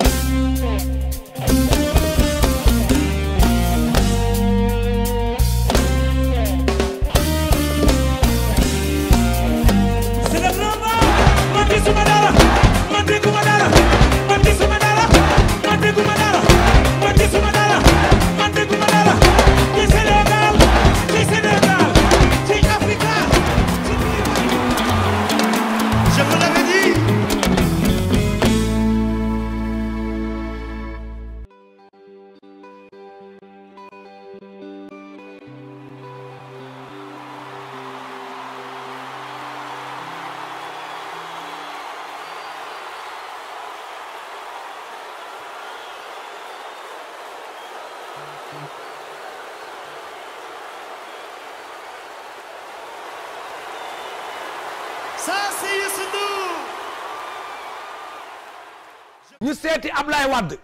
Thank you. ça c'est Youssou Ndour ñu seeti Ablaye Wade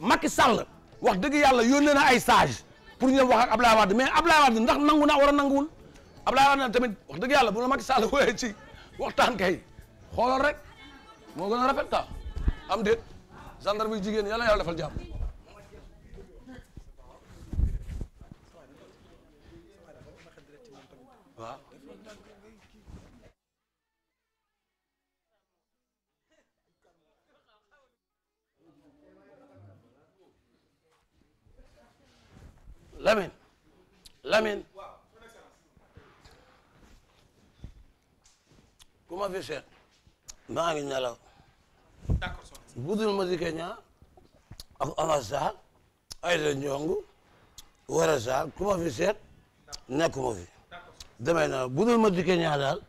Macky Sall wax dëgg yàlla yónnee na ay sage pour ñu wax ak Ablaye Wade mais Ablaye Wade ndax nangu na war a nanguwul Ablaye Wade tamit wax dëgg yàlla bu la Macky Sall wooyee ci waxtaan kay xoolal rek moo gën a rafet am déet gendarme yi jigéen yàlla yàlla defal lamin Lamine ku ma fi seet maa ngi nelaw budul ma di Kenya ak Omar Sarr ku ma demee na bu ma dikkee ñaa daal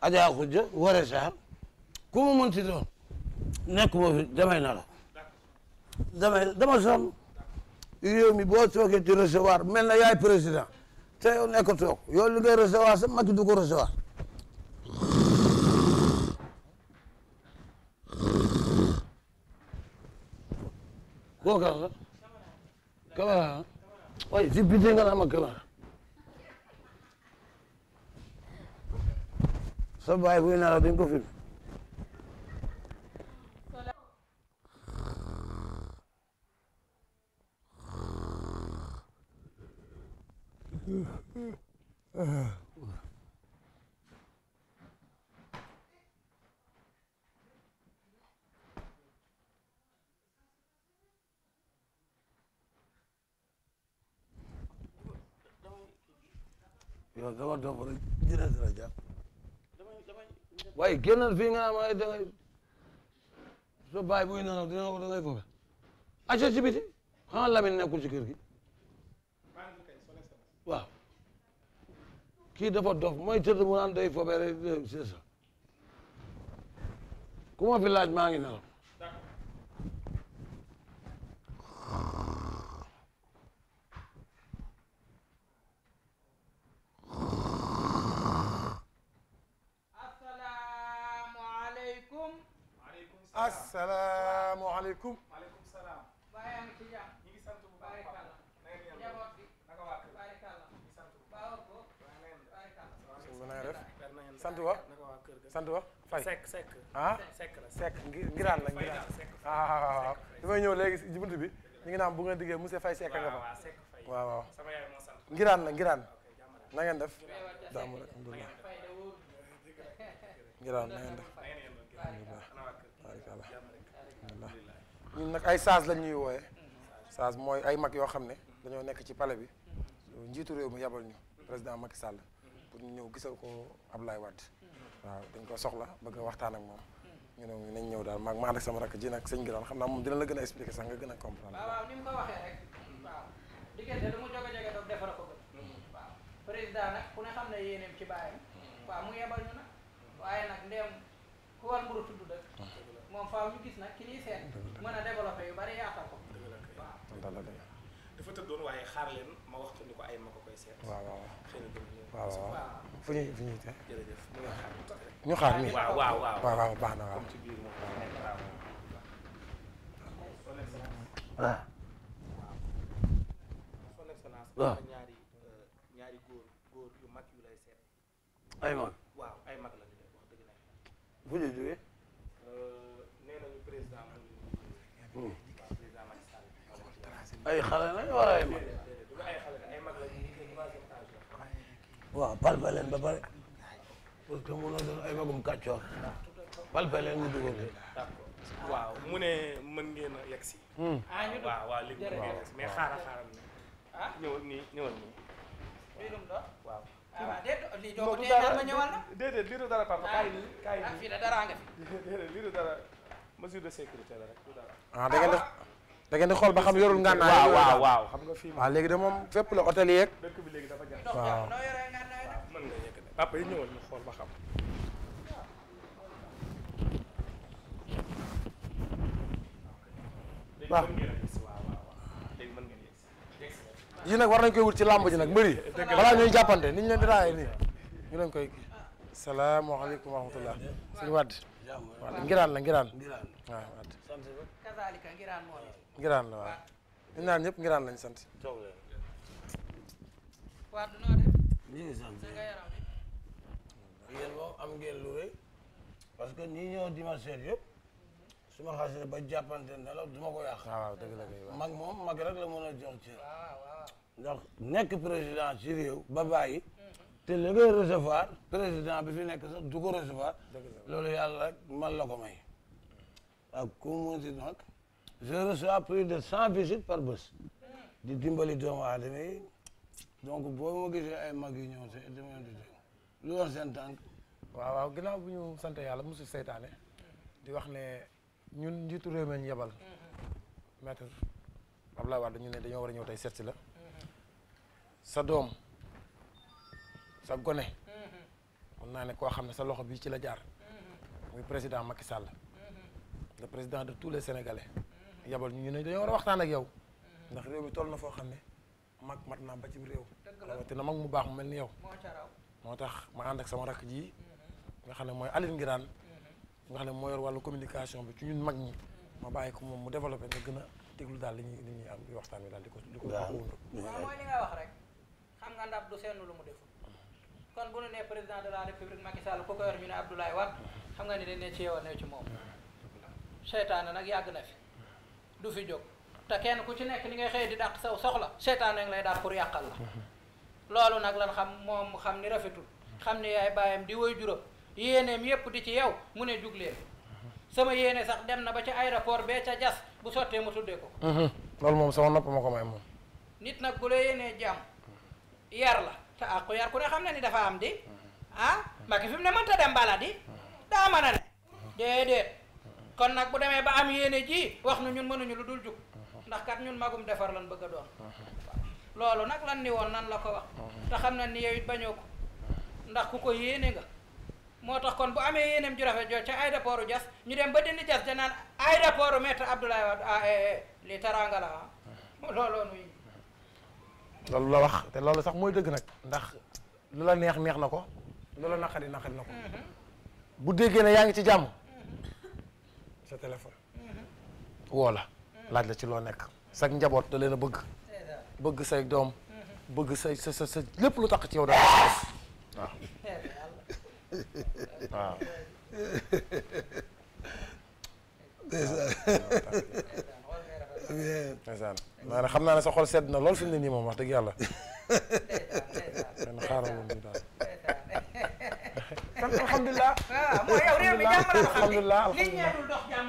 Adja Khoudia Woré Sarr ku mu mënti doon nekk moo fi demee na la dama sonn yow mi boo toogee di recevoir mel na yaay président te yow nekk toog yow li ngay recevoir sa Macky du ko recevoir kooku la kamara way si bite nga naa ma kamara so bàyyi buy nelaw duñ waaye génnal fii nga ma dangay soo bàyyi buy nelaw dina ko dangay fofe aca ci biti xanaa Lamine nekkul ci kër gi waaw kii dafa dof mooy tëdd mu naan day fofe rek c'est ça ku ma fi laaj maa ngi nelaw asalaamualeykum. waaleykum salaam. ñu ngi sant bu baax sant wa fay sekk sekk ah sek ngiraan la ngiraan ah waaw waaw bi may ñëw léegi ci bunt bi ñu ngi naan bu nga diggee monsieur Faye sekk nga fa waaw ngiraan la ngiraan na ngeen def jàmm alhamdulilah ngiraan na def tabaarikàlla alhamdulilah nag ay saas lañ ñuy wooye saas mooy ay mag yoo xam ne dañoo nekk ci pale bi njiitu réew mi yebal ñu président Macky sàll pour ñu ñëw gisal ko Ablaye Wade waaw dañ ko soxla bëgg a waxtaan ak moom ñu ne ñu nañ ñëw daal mag ma ak sama rakk ji nag sëñ gi xam naa moom dina la gën a expliquer sax nga gën a comprendre waaw ni mu ko waxee rek waaw diggante lu mu joge joge doog defara ko président nag ku ne xam ne yéeneem ci bàyyam waaw mu yebal ñu nag waaye moom faaw ñu gis nag ki ñuy seet mën a développé yu bari yaatal ko waaw dafa tëddoon waaye xaar leen ma waxtu ni ko ay ma ko koy seet waaw waaw waaw waaw ñu xaar nii waaw waaw waaw waaw baax na waaw waaw ah. son excellence dafa ah. ñaari euh, ñaari góor góor yu mag yu lay seet ay mag waaw ay mag la ñu wax dëgg la fu Ibrahima waaw palpe leen ba pare parce que mënoo doon ay magum kàccoor palpe leen mu dugal leen. d'accord waaw mu ne mën ngeen a yegg si. Hmm. ah ñu waaw waaw léegi mën ngeen mais xaaral xaaral ah ñëwal nii ñëwal nii. waaw. ah déedéet lii doo ko tee ma ñëwal na. déedéet lii du dara papa kaay nii kaay ah, nii. ah fii de dara nga fi. déedéet lii du dara mesure de sécurité la rek du dara. ah da ngeen def. da ngeen di xool ba xam yorul ngànnaay. waaw waaw xam nga fii waaw léegi de moom fépp la hôtel yeeg. dëkk bi dafa jax yi xool ba xam. nag war nañ koy wut ci làmb ji nag mbëri balaa ñuy jàppante ni ñu leen di raayee nii ñu koy kii salaamaaleykum wa rahmatullah suñu wàdd ngiraan la ngiraan waaw kazaalika ngiraan moo ne. ngiraan ngiraan lañ sant. toog leen. que ñi ñëw seet yëpp su ma xasee ba jàppante ne la ko yàq. mag moom mag rek la mën a jox ci. nekk président ci ba bàyyi te li ngay président bi fi nekk sax du ko recevoir loolu yàlla rek man la ak ku mu munti nag je reçois plus de san visites par bés di dimbali doomu aadama yi donc boo ma gisee ay mag yu ñëw te dama di lu woon seen tànk waaw ginnaaw bu ñu sant yàlla mosu seytaane di wax ne ñun njiitu réew mi ñu yebal maître Abdoulaye Wade ñu ne dañoo war a ñëw tey seet si la sa doom sa gone mën mm-hmm. naa ne koo xam ne sa loxo bi ci la jaar mm-hmm. muy président Macky sàll le président de tous les sénégalais yabal ñu ne dañoo war a waxtaan ak yow ndax réew mi toll na foo xam ne mag mat naa ba ci réew na mag mu baax mu mel ni yow moo tax ma ànd ak sama rakk ji nga xam ne mooy ngi Ngiraan nga xam ne moo yor wàllu communication bi ci ñun mag ñi ma bàyyi ko moom mu développé nga gën a déglu daal li ñuy li ñuy am di waxtaan wi daal di ko di ko wund mooy li nga wax de la république ko yor ñu ne Abdoulaye Wade xam nga ne dañ ne ci yow ne ci moom seytaane nag yàgg na fi du fi jóg te kenn ku ci nekk ni ngay xëy di dàq saw soxla seytaane ngi lay daal pour yàqal la loolu nag lan xam moom xam ni rafetul xam ni yaay bàyyam di woy juróom yéeneem yépp di ci yow mu ne jug sama yéene sax dem na ba ci aéroport bee ca jas bu sottee mu tuddee ko mhm. loolu moom sama nopp ma ko may moom nit nag ku la yéenee jàmm yar la te àqu yar ku ne xam ne ni dafa am di ah magi fi mu ne mënta dem bala di daa kon nag bu demee ba am yéene ji wax nu ñun mënuñu lu dul jug ndax kat ñun magum defar lan bëgg a doon loolu nag lan ni woon nan la ko wax te xam na ni yow bañoo ko ndax ku ko yéene nga moo tax kon bu amee yéeneem ju rafet joo ca aéroport jas ñu dem ba dindi Diass danaan aéroport maître Abdoulaye Wade ah eh, eh, lii taraangala ah. looloo nuyu. loolu la wax te loolu sax mooy dëgg nag ndax lu la neex neex na ko lu la naqari naqari na ko mm-hmm. bu déggee ne yaa ngi ci jàmm. sa téléphone. laaj la ci loo nekk. sag njaboot da leen a bëgg. bëgg say doom. bëgg say sa sa sa lépp lu taq ci yow daal waaw. waaw. xam naa ne sa xol sedd na lool fi nii moom wax dëgg yàlla. man xaaral moom daal. sant alhamdulilah.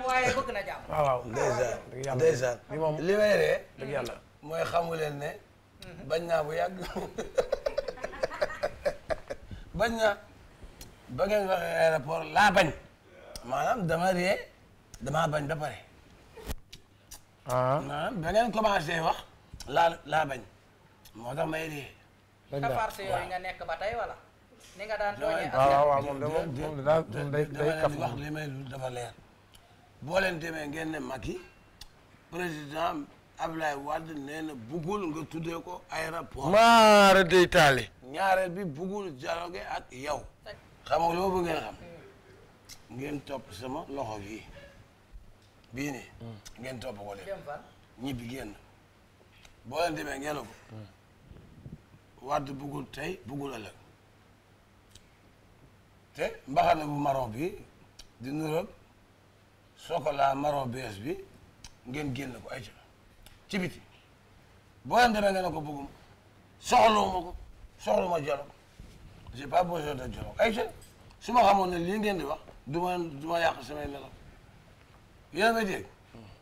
waaye bëgg na jàmm. waaw waaw ndeysaan ndeysaan. li moom li may ree. dëgg yàlla mooy xamu leen ne. Mhm. bañ naa bu yàgg bañ naa ba ngeen waxee aéroport laa bañ maanaam dama ree damaa bañ ba pare. Ah. maanaam ba ngeen commencé wax laa laa bañ moo tax may ree. bañ naa waaw yooyu nga nekk ba tey wala. ni nga daan tooñee ah, ak waaw waaw moom de moom day day kaf wax li may dafa leer. boo leen demee ngeen ne Macky président Ablaye Wade nee na buggul nga tuddee ko aéroport. maara day taale. ñaareel bi buggul dialogue ak yow. xam nga loo ngeen xam. ngeen topp sama loxo bii bii ngeen topp ko de. ñibbi génn. boo leen demee ngeen ko. Wade buggul tey buggul ëllëg. te mbaxana bu maro bi di nuroog. chocolat marron bees bi ngeen génn ko ay ci biti boo leen demee nga ne ko bëgguma soxlawuma ko soxlawuma dialogue j'ai pas besoin de dialogue ay ca su ma xamoon ne lii ngeen di wax du ma du ma yàq samay melo a dégg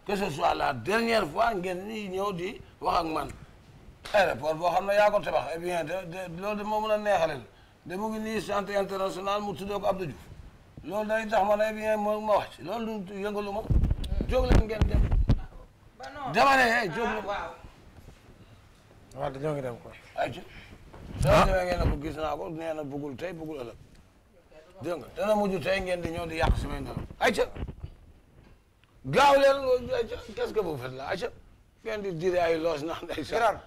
que ce soit la dernière fois ngeen nii ñëw di wax ak man aéroport boo xam ne yaa ko tabax eh bien de de loolu de moo mën a neexalel de mu ngi nii centre international mu tuddee ko Abdou Diouf loolu day tax ma day bien ma ma wax ci loolu du yëngalu ma. jóg leen ngeen dem. dama ne eh leen. Ah, waaw dañoo ngi dem quoi. ayca. ah dama ngeen ne ko gis naa ko nee na bëggul mujj tey ngeen di ñëw di yàq samay nelaw. ayca. gaaw leen ayca qu'est-ce que vous faites là ngeen di dire ay loos ndax day. giraar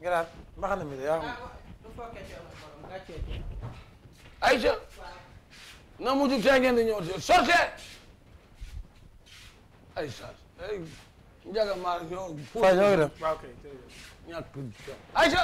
giraar ma xam ne mi de yaa xam. Ah, ayca. na mu jug tey ngeen di ñëw sortez ay saa ay njëkk a maar ñoo. waaw ñoo ngi dem waaw kay. ñàkk ayca.